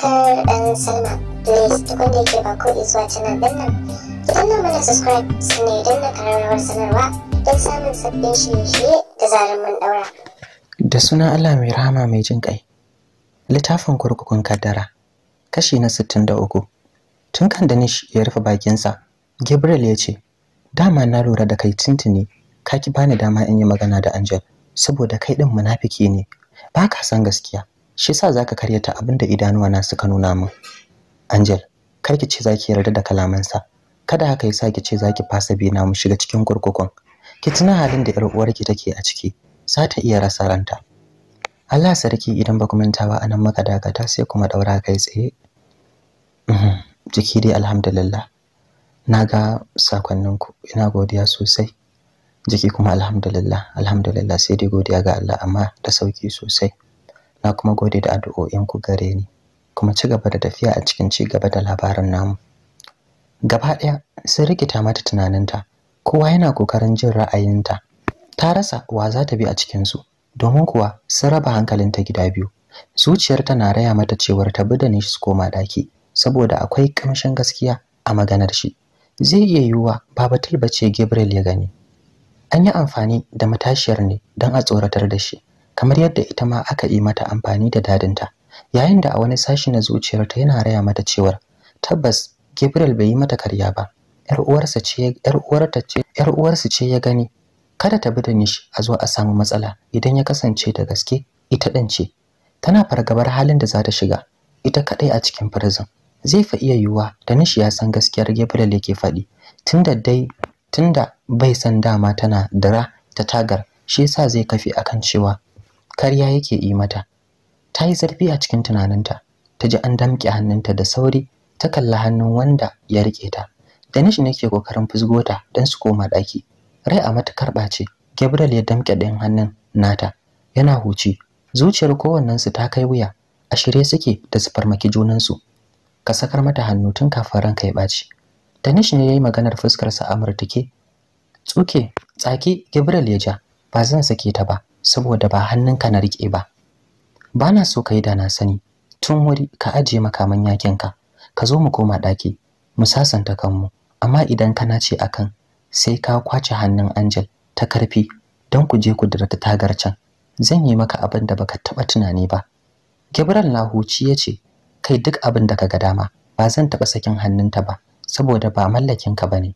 subscribe and sign up. Please tukun da yake ba ko zuwa canal din nan. Ki danna mana subscribe sannan idan na kararrawar sanarwa don samun sabbin shirye-shirye da zarar mun daura. Da sunan Allah mai rahama mai jin ƙai. Littafin kurkukun kaddara. Kashi na 63. Tun kan Danish ya rufe bakinsa, Gabriel ya ce, "Dama na lura da kai tintini, kaki bani dama in yi magana da Angel, saboda kai din munafiki ne, ba ka san gaskiya." shi za zaka karyata abinda idanuwana suka nuna min Angel kar ki ce zaki yarda da kalamansa kada haka yasa ki ce zaki fasa bina mu shiga cikin kurkukun ki tuna halin da 'yar uwarki take a ciki za ta iya rasa ranta Allah sarki idan ba ku manta ba anan maka dakata sai kuma daura kai tsaye mhm, jiki dai alhamdulillah naga sakonninku ina godiya sosai jiki kuma alhamdulillah alhamdulillah sai dai godiya ga Allah amma da sauki sosai na kuma gode da addu'o'inku gare ni kuma ci gaba da tafiya a cikin ci gaba da labarin namu gaba ɗaya sun rikita mata tunaninta kowa yana kokarin jin ra'ayinta ta rasa wa za ta bi a cikinsu domin kuwa sun raba hankalinta gida biyu Zuciyarta na raya mata cewar ta bi da ni su koma daki, saboda akwai ƙamshin gaskiya a maganar shi zai iya yiwuwa babatul ce gabriel ya gani an yi amfani da matashiyar ne don a tsoratar da shi kamar yadda ita ma aka yi mata amfani da dadinta yayin da a wani sashi na zuciyarta yana raya mata cewar tabbas Gabriel bai yi mata karya ba yar uwarsa ce ya gani kada ta bi da nishi a zo a samu matsala idan ya kasance da gaske ita ɗan ce tana fargabar halin da za ta shiga ita kaɗai a cikin prison zai fa iya yiwuwa da nishi ya san gaskiyar Gabriel yake faɗi tunda dai tunda bai san dama tana dira ta tagar shi yasa zai kafi akan cewa karya yake yi mata ta yi zarfi a cikin tunaninta ta ji an damƙe hannunta da sauri ta kalla hannun wanda ya riƙe ta danish ne ke kokarin fusgo ta don su koma ɗaki rai a karɓa ɓace gabriel ya damƙe ɗayan hannun nata yana huci zuciyar kowannensu ta kai wuya a shirye suke da su farmaki junansu ka sakar mata hannu tun kafin ranka ya ɓaci danish ne ya yi maganar fuskarsa a murtuke tsuke tsaki gabriel ya ja ba zan sake ta ba saboda ba hannunka na rike ba bana so kai da na sani tun wuri ka aje makaman yakin ka ka zo mu koma ɗaki, mu sasanta kanmu amma idan kana ce akan sai ka kwace hannun Angel ta karfi don ku je ku ta tagar can zan yi maka abin da baka taba tunani ba Gibran Lahuci ya ce kai duk abin da ka ga dama ba zan taba sakin hannun ta ba saboda ba mallakin ka bane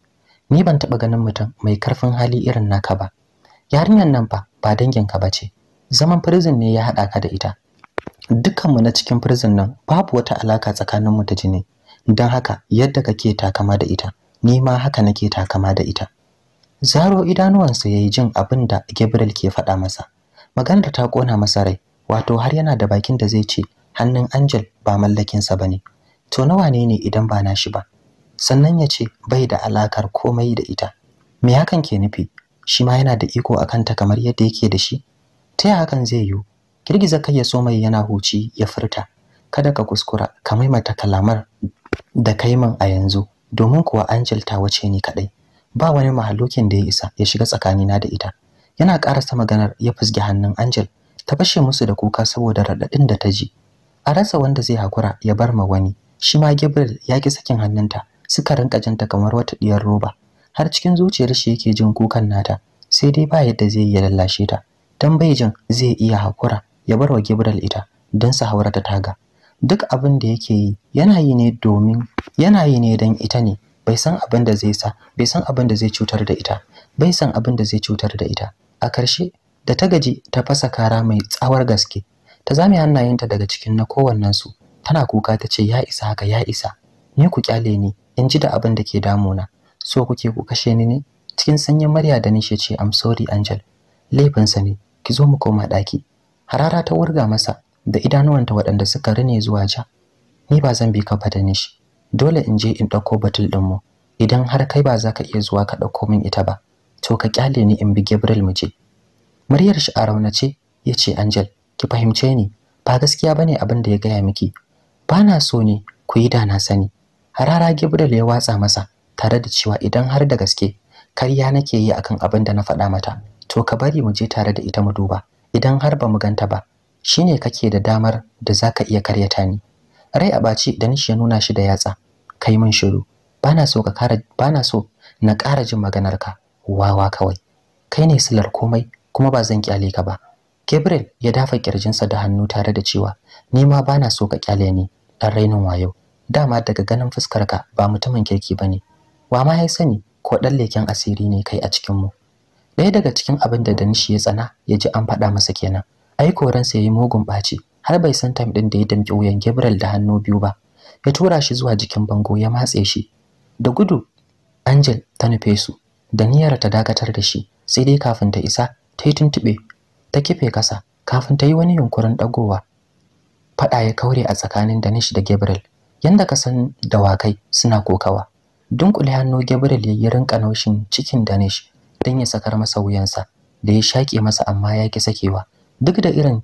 ni ban taba ganin mutum mai karfin hali irin naka ba yarinyar nan fa ba danginka ba ce zaman prison ne ya haɗa ka da ita dukkanmu na cikin prison nan babu wata alaka tsakaninmu ta jini don haka yadda kake takama da ita ni ma haka nake takama da ita zaro idanuwansa ya yi jin abin da Gabriel ke faɗa masa maganar ta kona masa rai wato har yana da bakin da zai ce hannun Angel ba mallakinsa ba ne. to nawa ne ne idan ba nashi ba sannan ya ce bai da alakar komai da ita me hakan ke nufi shi ma yana da iko a kanta kamar yadda yake da shi ta yaya hakan zai yiwu girgiza kai ya so mai yana huci ya furta kada ka kuskura ka maimata kalamar da kaiman a yanzu domin kuwa Angel ta wace ni kaɗai. ba wani mahalokin da ya isa ya shiga tsakanina da ita yana karasa maganar ya fusge hannun Angel ta bashe musu da kuka saboda raɗaɗin da ta ji a rasa wanda zai hakura ya bar ma wani shi ma Gabriel ya ƙi sakin hannunta suka rinka janta kamar wata ɗiyar roba har cikin zuciyar shi yake jin kukan nata sai dai ba yadda zai iya lallashe ta dan bai zai iya hakura ya barwa Gabriel ita dan su haura ta taga duk abin da yake yi yana yi ne domin yana yi ne dan ita ne bai san abin da zai sa bai san abin da zai cutar da ita bai san abin da zai cutar da ita a karshe da ta gaji ta fasa kara mai tsawar gaske ta zame hannayenta daga cikin na kowannen su tana kuka ta ce ya isa haka ya isa ni ku kyale ni in ji da abin da ke damuna so kuke ku kashe ni ne cikin sanyin murya da nishe ce I'm sorry Angel laifinsa ne ki zo mu koma ɗaki harara ta wurga masa da idanuwanta waɗanda suka rine zuwa ja ni ba zan bi ka fata nishi dole in je in ɗauko batul mu, idan har kai ba za ka iya zuwa ka ɗauko min ita ba to ka kyale ni in bi Gabriel mu je muryar shi a raunace yace Angel ki fahimce ni ba gaskiya bane abin da ya gaya miki Bana na so ne ku yi da na sani harara Gabriel ya watsa masa tare da cewa idan har da gaske karya nake yi akan abin da na faɗa mata to ka bari mu je tare da ita mu duba idan har ba mu ganta ba shine kake da damar da zaka iya karyata ni rai a baci da nishi ya nuna shi da yatsa kai min shiru bana so ka kara bana so na ƙara jin maganarka wawa kawai kai ne silar komai kuma ba zan kyale ka ba Gabriel ya dafa kirjinsa da hannu tare da cewa ni ma bana so ka kyale ni dan rainin wayo dama daga ganin fuskarka ba mutumin kirki bane wa ma ya sani ko ɗan leken asiri ne kai a cikin mu ɗaya daga cikin abin da danishi ya tsana ya ji an faɗa masa kenan ai koransa ya yi mugun ɓaci har bai san tam ɗin da ya damƙi wuyan gabriel da hannu biyu ba ya tura shi zuwa jikin bango ya matse shi da gudu angel ta nufe su da niyyar ta dakatar da shi sai dai kafin ta isa ta yi tuntuɓe ta kife kasa kafin ta yi wani yunkurin ɗagowa faɗa ya kaure a tsakanin danish da gabriel yanda ka san dawakai suna kokawa dunkule hannu Gabriel ya rinka naushin cikin Danish don ya sakar masa wuyansa da ya shake masa amma ya ki sakewa duk da irin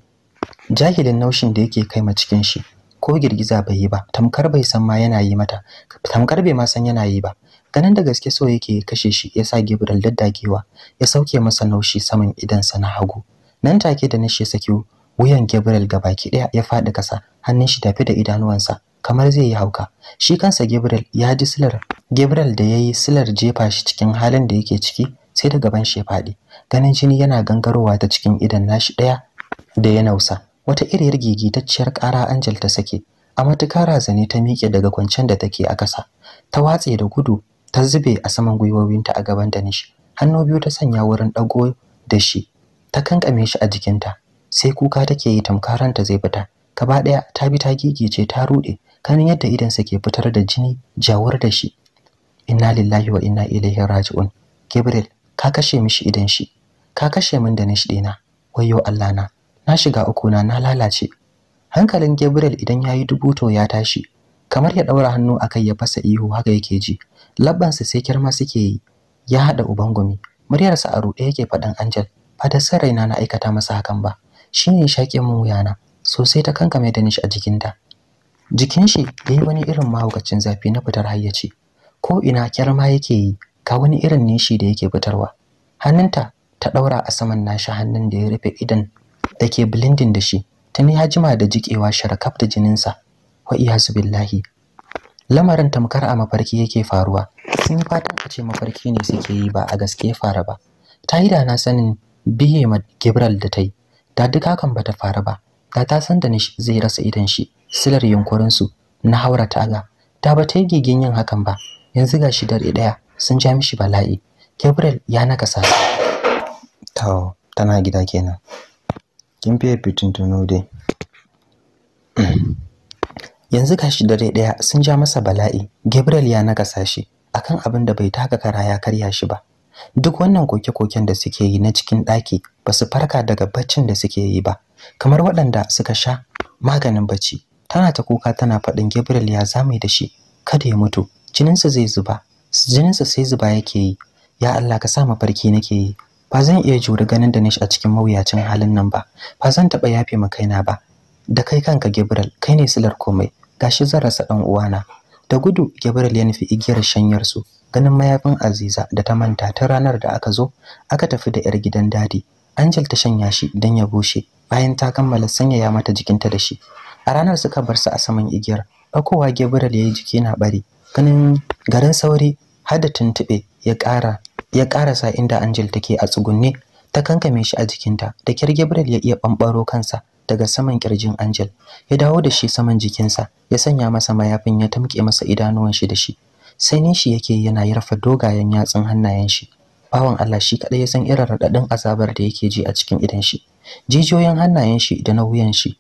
jahilin naushin da yake kai ma cikin shi ko girgiza bai yi ba tamkar bai san ma yana yi mata tamkar bai ma san yana yi ba ganin da gaske so yake kashe shi ya sa Gabriel daddakewa ya sauke masa naushi saman idansa na hagu nan take da nishi saki wuyan Gabriel gabaki daya ya faɗi kasa hannun shi tafi da idanuwansa kamar zai yi hauka shi kansa Gabriel ya ji silar Gabriel da yayi silar jefa shi cikin halin da yake ciki sai da gaban shi ya faɗi ganin jini yana gangarowa ta cikin idan nashi ɗaya da ya nausa wata iriyar gigitacciyar ƙara Anjel ta sake a matuƙar razane ta miƙe daga kwancen da take a ƙasa ta watse da gudu ta zube a saman gwiwowinta a gaban Danish hannu biyu ta sanya wurin ɗago da shi ta kankame shi a jikinta sai kuka take yi tamkaranta zai fita gaba ɗaya ta bi ta gigice ta ruɗe ganin yadda idansa ke fitar da jini jawar da shi inna lillahi wa inna ilaihi raji'un gabriel ka kashe mishi idan shi ka kashe min da nishi dina wayyo allah na na shiga uku na na lalace hankalin gabriel idan ya yayi dubuto ya tashi kamar ya daura hannu akai ya fasa ihu haka yake ji labbansa sai kirma suke yi ya hada uban gumi muryarsa a ruɗe yake faɗin angel ba da san raina na aikata masa hakan ba shine shaƙe min wuyana sosai ta kankame da nishi a jikinta jikin shi ya yi wani irin mahaukacin zafi na fitar hayyaci ko ina kyarma yake yi ga wani irin nishi da yake fitarwa hannunta ta ɗaura a saman nashi hannun da ya rufe idan da ke bilindin da shi ta ya jima da jikewa sharakaf da jininsa wa iyasu billahi lamarin tamkar a mafarki yake faruwa sun yi fatan a ce mafarki ne suke yi ba a gaske ya fara ba ta yi da na sanin biye ma gibral da ta yi da duk hakan ta faru ba da ta san da ni zai rasa idan shi silar yunkurinsu na haura taga ta ba ta yi gigin yin hakan ba yanzu ga shi dare ɗaya sun ja mishi bala'i gabriel ya naka su to tana gida kenan kin fiye tuno dai yanzu gashi shi dare ɗaya sun ja masa bala'i gabriel ya nakasa shi akan abin da bai taka kara ya karya shi ba duk wannan koke-koken da suke yi na cikin ɗaki ba su farka daga baccin da suke yi ba kamar waɗanda suka sha maganin bacci tana ta kuka tana faɗin Gabriel ya zame da shi kada ya mutu jininsa zai zuba jininsa sai zuba yake yi ya Allah ka sa mafarki nake yi ba zan iya jure ganin Danish a cikin mawuyacin halin nan ba ba zan taɓa yafe ma kaina ba da kai kanka Gabriel kai ne silar komai gashi zan rasa ɗan uwana da gudu Gabriel ya nufi igiyar shanyar su ganin mayafin Aziza da ta manta ta ranar da aka zo aka tafi da yar gidan dadi Angel ta shanya shi dan ya bushe bayan ta kammala sanyaya mata jikinta da shi a ranar suka bar su a saman igiyar ɗaukowa gabriel ya yi jiki na bari. ganin garin sauri har da tuntuɓe ya ƙara ya ƙarasa inda angel take a tsugunne ta kankame shi a jikinta da kyar gabriel ya iya ɓamɓaro kansa daga saman kirjin angel ya dawo da shi saman jikinsa ya sanya masa mayafin ya tamke masa idanuwan shi da shi sai shi yake yana rafa dogayen yatsun hannayen shi bawan Allah shi kadai ya san irin radadin azabar da yake ji a cikin idan shi jijiyoyin hannayen shi da na wuyan shi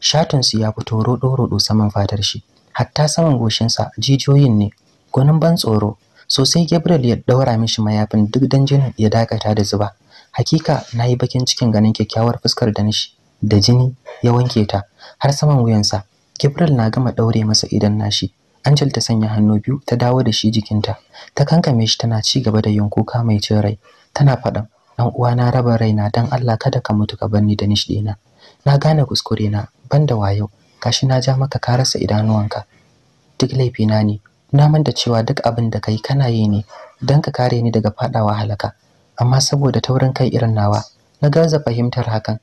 shatinsu ya fito roɗo-roɗo saman fatar shi hatta saman goshinsa jijiyoyin ne gwanin ban tsoro sosai gabriel ya ɗaura mishi mayafin duk dan jinin ya dakata da zuba hakika na yi bakin cikin ganin kyakkyawar fuskar da nishi da jini ya wanke ta har saman wuyansa gabriel na gama ɗaure masa idan nashi Angel ta sanya hannu biyu ta dawo da shi jikinta ta kankame shi tana ci gaba da yin kuka mai cin rai tana faɗan dan uwa na raba raina dan Allah kada ka mutu ka bar ni da nish dina na gane kuskure na ban da wayo gashi na ja maka ka rasa idanuwanka duk laifina ne na manta cewa duk abin da kai kana yi ne don ka kare ni daga fadawa halaka amma saboda taurin kai irin nawa na gaza fahimtar hakan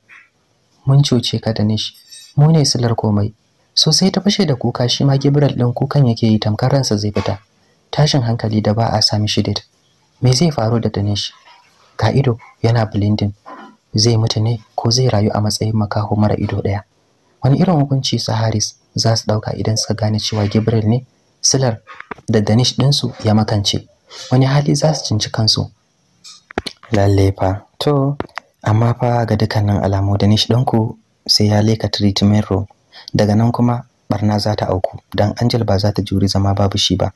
mun cuce ka da nishi mu ne silar komai Sosai sai ta fashe da kuka shi ma Gabriel din kukan yake yi tamkar ransa zai fita tashin hankali da ba a sami shi dit me zai faru da Danish ka ido yana blinding zai mutu ne ko zai rayu a matsayin makaho mara ido daya wani irin hukunci su Haris za su dauka idan suka gane cewa Gabriel ne silar da Danish ɗinsu ya makance wani hali za su cinci kansu lalle fa to amma fa ga dukkanin alamu Danish ɗinku sai ya leka treatment room daga nan kuma barna za ta auku dan Angel ba za ta juri zama babu shi ba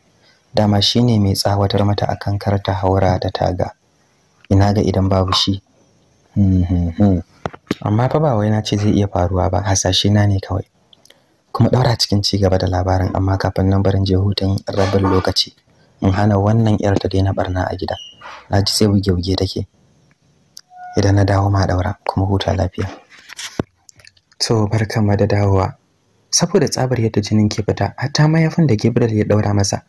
dama shine mai tsawatar mata akan karta haura da taga ina ga idan babu shi Mm-hmm. Amma fa ba wai na ce zai iya faruwa ba, hasashe na ne kawai. Kuma ɗaura cikin ci gaba da labarin amma kafin nan barin je hutun rabin lokaci. In hana wannan 'yar ta daina barna a gida. Na ji sai buge-buge take. Idan na dawo ma ɗaura kuma huta lafiya. To ma da dawowa. Saboda tsabar yadda jinin ke fita, hatta mayafin da Gabriel ya ɗaura masa.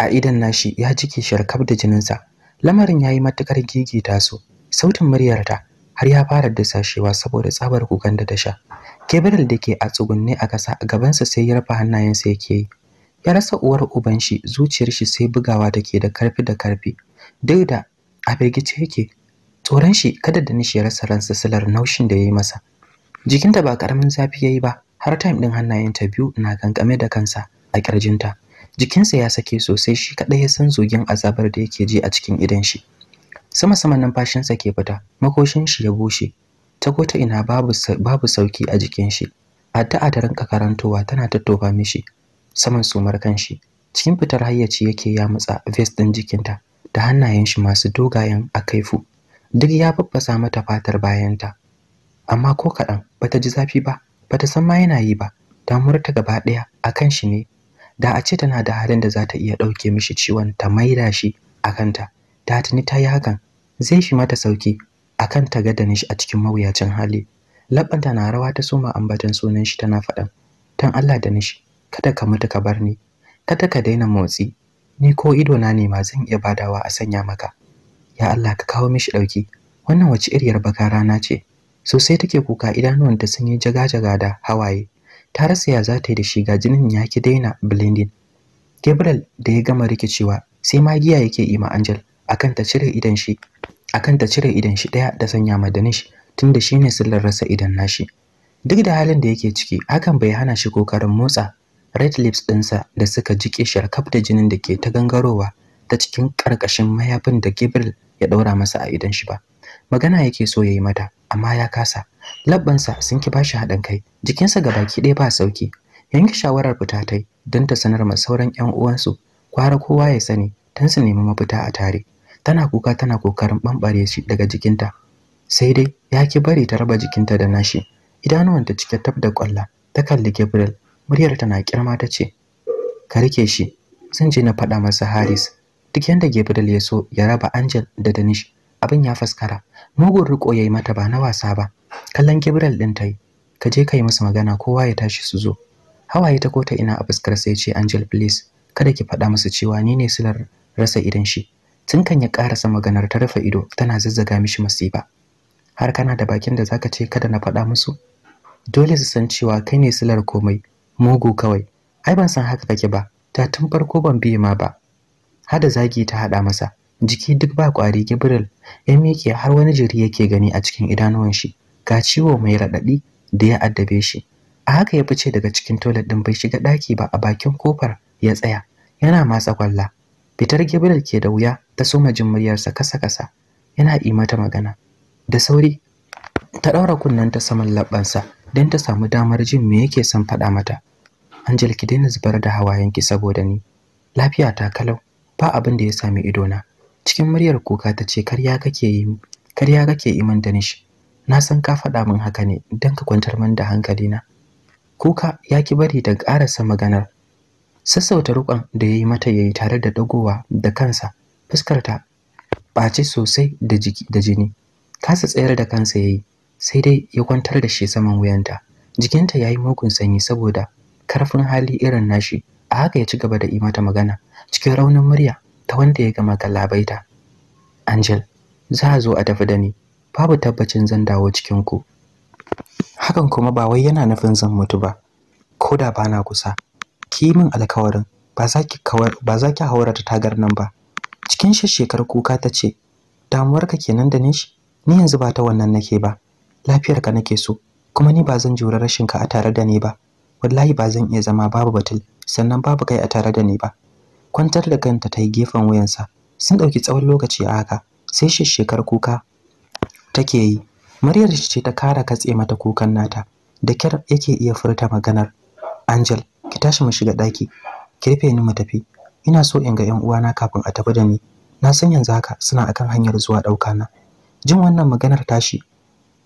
A idan nashi ya jike sharkaf da jininsa. Lamarin ya yi matuƙar gigita su. sautin muryarta har ya fara dasashewa saboda tsabar kukan da ta sha gabriel da ke a tsugunne a ƙasa gabansa sai ya rufe hannayensa yake yi ya rasa uwar uban shi zuciyar shi sai bugawa ke da karfi da karfi duk da a firgice yake tsoron shi kada da nishi ya rasa ransa silar naushin da ya yi masa jikinta ba karamin zafi ya yi ba har time ɗin hannayenta biyu na kankame da kansa a ƙirjinta jikinsa ya sake sosai shi kaɗai ya san zogin azabar da yake ji a cikin idan shi sama sama numfashinsa ke fita makoshin shi ya bushe ta kota ina babu babu sauki a jikin shi addu'a da rinka karantowa tana tattofa mishi saman sumar kanshi cikin fitar hayyaci yake ya matsa vest din jikinta da hannayen shi masu dogayen a kaifu. duk ya babbasa mata fatar bayanta amma ko kaɗan bata ji zafi ba bata san ma yana yi ba murta gaba ɗaya akan shi ne da a ce tana da halin da za ta iya ɗauke mishi ciwon ta maida shi a kanta da tuni ta yi hakan zai shi mata sauki akan ta ga Danish a cikin mawuyacin hali labanta na rawa ta soma ambatan sunan shi tana faɗan tan Allah Danish kada ka mutu ka bar ni kada ka daina motsi ni ko ido na ne ma zan iya badawa a sanya maka ya Allah ka kawo mishi dauki wannan wace iriyar baka rana ce sosai take kuka idanuwanta sun yi jaga-jaga da hawaye ta rasa ya za ta yi da shi ga jinin ya ki daina blending Gabriel da ya gama rikicewa sai magiya yake ima Angel akan ta cire idan shi akan ta cire idan shi daya da sanya madanish tunda shine sillar rasa idan nashi duk da halin da yake ciki hakan bai hana shi kokarin motsa red lips dinsa da suka jike kaf da jinin da ke ta gangarowa ta cikin karkashin mayafin da Gabriel ya daura masa a idan shi ba magana yake so yayi mata amma ya kasa labbansa sun ki bashi haɗin kai jikinsa gabaki ɗaya ba sauki yanke shawarar fita tai don ta sanar ma sauran 'yan uwansu kwara kowa ya sani don su nemi mafita a tare tana kuka tana kokarin bambare shi daga jikinta sai dai ya ki bari ta raba jikinta da nashi idanuwan ta cike tab da kwalla ta kalli Gabriel muryar tana kirma ta ce ka rike shi zan je na faɗa masa Haris duk yanda Gabriel ya so ya raba Angel da Danish abin ya faskara mugun riko yayi mata ba na wasa ba kallon Gabriel din tai ka je kai musu magana kowa ya tashi su zo hawaye ta kota ina a fuskar sai ce Angel please kada ki faɗa musu cewa ni ne silar rasa idan shi tun kan ya karasa maganar ta rufe ido tana zazzaga mishi masifa har kana da bakin da zaka ce kada na faɗa musu dole su san cewa kai ne silar komai mugu kawai ai ban san haka kake ba ta tun farko ban biye ma ba hada zagi ta hada masa jiki duk ba kwari gibril ya miƙe har wani jiri yake gani a cikin idanuwan shi ga ciwo mai raɗaɗi da ya addabe shi a haka ya fice daga cikin toilet din bai shiga ɗaki ba a bakin kofar ya tsaya yana matsa kwalla fitar gibril ke da wuya ta soma jin muryarsa kasa-kasa yana yi mata magana da sauri ta ɗaura kunnen ta saman labbansa don ta samu damar jin me yake son faɗa mata Angel ki daina zubar da hawayenki saboda ni lafiya ta kalau ba abin da ya sami idona cikin muryar kuka ta ce karya kake yi karya kake yi min danish na san ka faɗa min haka ne don ka kwantar min da hankali na. kuka ya ki bari da ƙarasa maganar sassauta rukon da ya yi mata ya yi tare da dagowa da kansa Fuskar ta ɓace sosai da jini kasa tsayar da kansa yayi sai dai ya kwantar da shi saman wuyanta jikinta ya yi mugun sanyi saboda karfin hali irin nashi a haka ya ci gaba da yi mata magana cikin raunin murya ta wanda ya gama galabaita Angel za a zo a tafi da ni babu tabbacin zan dawo cikin ku hakan kuma ba wai yana nufin zan mutu ba ko da bana kusa ki min alkawarin ba za ki haurata tagar nan ba cikin shekar kuka ta ce damuwarka kenan da nishi ni yanzu ba ta wannan nake ba lafiyarka nake so kuma ni ba zan jure rashin ka a tare da ni ba wallahi ba zan iya zama babu batul sannan babu kai a tare da ni ba kwantar da kanta ta yi gefen wuyansa sun ɗauki tsawon lokaci a haka sai shekar kuka take yi muryar ce ta kara katse mata kukan nata da kyar yake iya furta maganar angel ki tashi mu shiga ɗaki ki rufe ni mu tafi ina so in ga yan uwana kafin a tafi da ni na san yanzu haka suna akan hanyar zuwa ɗauka na jin wannan maganar tashi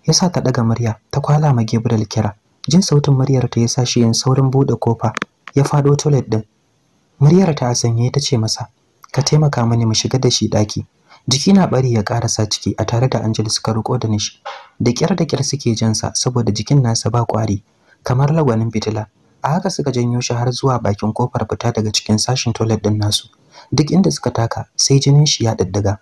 yasa ta daga murya ta kwala ma Gabriel kira jin sautin muryar ta yasa shi yin saurin bude kofa ya fado toilet din muryar ta sanye ta ce masa ka taimaka mani mu shiga da shi daki jiki na bari ya karasa ciki a tare da Angel suka ruko da nishi da kyar da kyar suke jinsa saboda jikin nasa ba kwari kamar lagwanin fitila a haka suka janyo shi har zuwa bakin kofar fita daga cikin sashin toilet din nasu duk inda suka taka sai jinin shi ya daddaga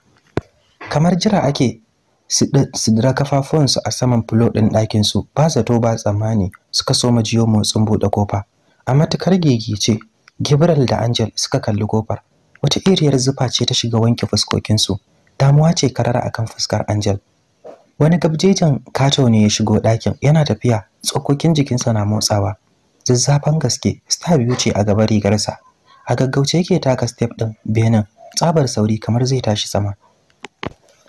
kamar jira ake su dira su a saman fulo ɗin ɗakin su ba zato ba tsammani suka so jiyo motsin buɗe kofa a matukar gigice Gabriel da Angel suka kalli kofar wata iriyar zufa ce ta shiga wanke fuskokinsu damuwa ce karara akan fuskar Angel wani gabjejen kato ne ya shigo ɗakin yana tafiya tsokokin jikinsa na motsawa zazzafan gaske sta biyu ce a gaban rigarsa a gaggauce yake taka step din benin tsabar sauri kamar zai tashi sama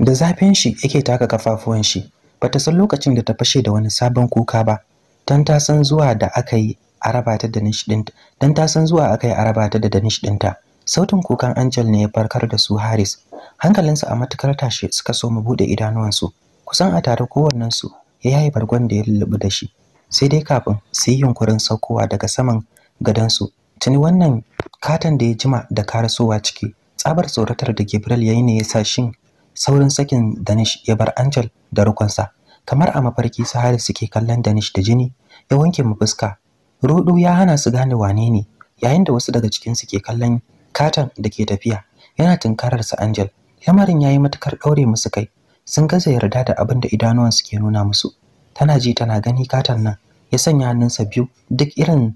da zafin shi yake taka kafafuwan shi bata san lokacin da ta fashe da wani sabon kuka ba dan ta san zuwa da aka yi a raba ta da nish dinta dan ta san zuwa aka yi a raba ta da nish dinta sautin kukan Angel ne ya farkar da su Haris Hankalinsa a matukar tashi suka so mu bude idanuwansu kusan a tare kowannen su ya yayi bargon da ya lullubi da shi sai dai kafin su yi yunkurin saukowa daga saman gadansu tuni wannan katon da ya jima da karasowa ciki tsabar tsoratar da Gabriel ya yi ne ya sa shin saurin sakin Danish ya bar Angel da rukunsa kamar a mafarki su Sahari suke kallon Danish da jini ya wanke mu fuska rudu ya hana su gane wane ne yayin da wasu daga cikin su ke kallon katon da ke tafiya yana tunkarar sa Angel lamarin yi matukar ɗaure musu kai sun gaza yarda da abin da idanuwan ke nuna musu tana ji tana gani katon nan ya sanya hannunsa biyu duk irin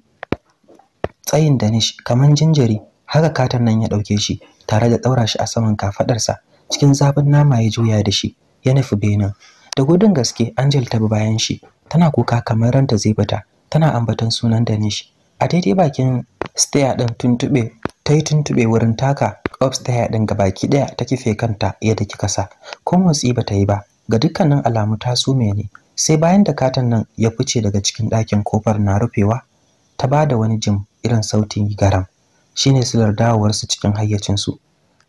tsayin da nish kaman jinjiri haka katon nan ya ɗauke shi tare da ɗaura shi a saman kafaɗarsa cikin zafin nama ya juya da shi ya nufi benin da gudun gaske angel ta bi bayan shi tana kuka kamar ranta zai bata, tana ambaton sunan danish a daidai bakin stair ɗin tuntuɓe ta yi tuntuɓe wurin taka upstair ɗin baki ɗaya ta kife kanta yadda kika sa ko motsi ba ta yi ba ga dukkanin alamu ta sume ne sai bayan da katon nan ya fice daga cikin ɗakin kofar na rufewa ta ba da wani jim irin sautin garam shine silar dawowarsu cikin hayyacinsu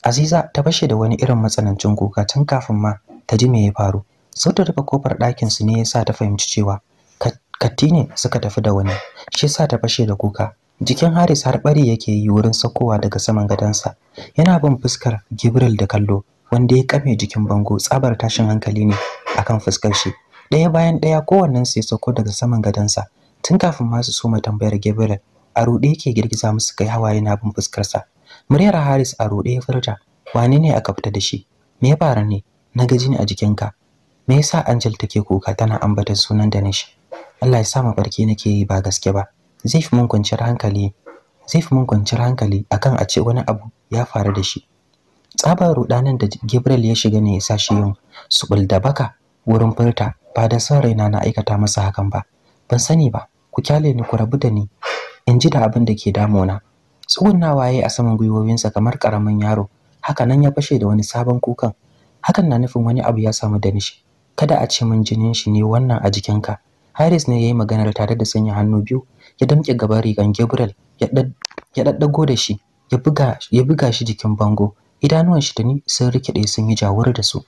aziza ta fashe da wani irin matsanancin kuka tun kafin ma ta ji me ya faru sautin rufe kofar ɗakinsu ne ya sa ta fahimci cewa katti ne suka tafi da wani shi sa ta fashe da kuka jikin haris har bari yake yi wurin sakowa daga saman gadansa yana bin fuskar gibril da kallo wanda ya kame jikin bango tsabar tashin hankali ne akan fuskar shi ɗaya bayan ɗaya kowannen su ya sauko daga saman sa. tun kafin ma su soma tambayar Gabriel a ruɗe yake girgiza musu kai hawaye na bin fuskarsa muryar Haris a ruɗe ya furta wane ne aka fita da shi me ya fara ne na gaji ne a jikinka me yasa Angel take kuka tana ambata sunan da Danish Allah ya sa na nake yi ba gaske ba zai fi mun kwanciyar hankali zai fi mun kwanciyar hankali akan a ce wani abu ya faru da shi tsabar rudanan da Gabriel ya shiga ne ya sa shi yin subul da baka wurin furta ba da son raina na aikata masa hakan ba ban sani ba ku kyale ni ku rabu da ni in ji da abin da ke damuna tsugunnawa ya a saman gwiwowinsa kamar karamin yaro haka nan ya fashe da wani sabon kukan hakan na nufin wani abu ya samu da nishi kada a ce min jinin shi ne wannan a jikinka Harris ne ya yi maganar tare da sanya hannu biyu ya damƙe gaban rigan Gabriel ya daddago da shi ya buga shi jikin bango idanuwan shi da ni sun rikide sun yi jawur da su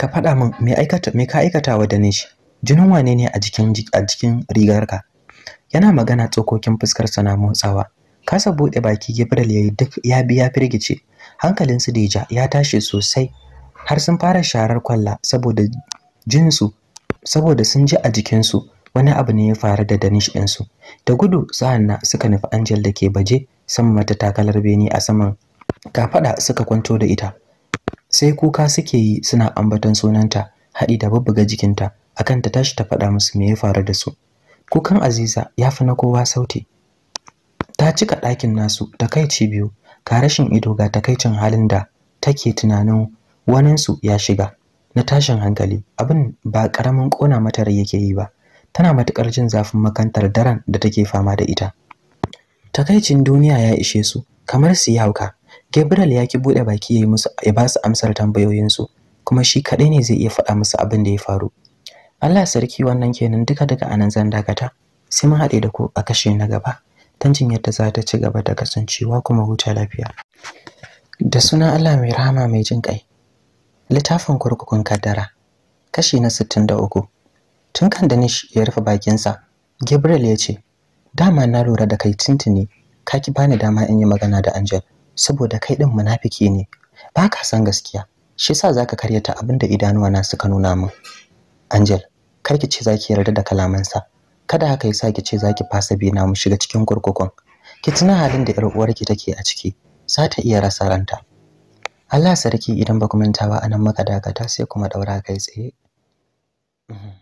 ka faɗa min me aikata me ka aikata wa Danish jinin wane ne a jikin a jikin rigarka yana magana tsokokin fuskar sa na motsawa kasa bude baki Gabriel yayi duk ya bi ya firgice hankalin su Deja ya tashi sosai har sun fara sharar kwalla saboda jinsu saboda sun ji a jikinsu wani abu ne ya faru da Danish su da gudu sa'anna suka nufi Angel da ke baje sama mata takalar beni a saman Ka faɗa suka kwanto da ita sai kuka suke yi suna ambaton sunanta haɗi da babbaga jikinta akan ta tashi ta faɗa musu me ya faru da su kukan aziza ya fi na kowa sauti ta cika ɗakin nasu ta takaici biyu ka rashin ido ga takaicin halin da take tunanin waninsu ya shiga na tashin hankali abin ba ƙaramin ƙona mata rai yake yi ba tana matuƙar jin zafin makantar daren da take fama da ita takaicin duniya ya ishe su kamar su yauka Gabriel ya ki bude baki yayi musu ya ba su amsar tambayoyinsu kuma shi kadai ne zai iya faɗa musu abin da ya faru. Allah sarki wannan kenan duka daga anan zan dakata sai mun haɗe da ku a kashe na gaba tanjin yadda za ta ci gaba da kasancewa kuma huta lafiya. Da sunan Allah mai rahama mai jin kai. Littafin kurkukun kaddara kashi na 63 tun kan da Danish ya rufe bakinsa Gabriel ya ce dama na lura da kai tintini kaki bani dama in yi magana da Angel. saboda kai din munafiki ne ba ka san gaskiya shi yasa zaka karyata abinda idanuwa na suka nuna min Angel kar ki ce zaki yarda da kalamansa kada haka yasa ki ce zaki fasa bina mu shiga cikin kurkukun ki tuna halin da 'yar uwarki take a ciki za ta iya rasa ranta Allah sarki idan ba ku mintawa anan maka sai kuma daura kai tsaye mhm.